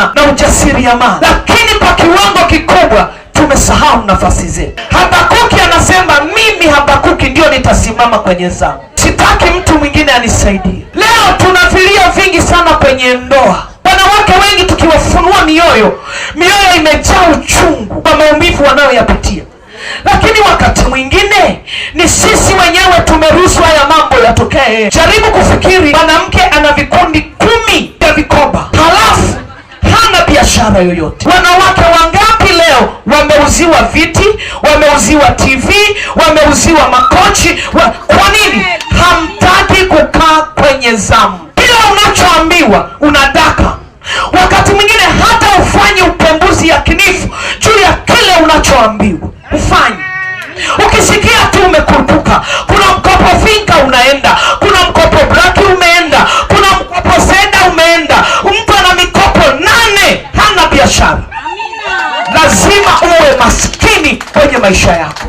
sana na ujasiriamali, lakini kwa kiwango kikubwa tumesahau nafasi zetu. Habakuki anasema mimi Habakuki ndio nitasimama kwenye zangu, sitaki mtu mwingine anisaidie. Leo tuna vilio vingi sana kwenye ndoa, wanawake wengi tukiwafunua mioyo, mioyo imejaa uchungu kwa maumivu wanayoyapitia, lakini wakati mwingine ni sisi wenyewe tumeruhusu haya mambo yatokee. Jaribu kufikiri mwanamke biashara yoyote. Wanawake wangapi leo wameuziwa viti, wameuziwa TV, wameuziwa makochi wa... kwa nini hamtaki kukaa kwenye zamu? Kila unachoambiwa unadaka. Wakati mwingine hata ufanye upembuzi yakinifu juu ya kile unachoambiwa ufanye. Ukisikia tu umekurupuka, kuna mkopo finka unaenda, kuna mkopo braki umeenda, kuna mkopo seda umeenda biashara. Lazima uwe maskini kwenye maisha yako.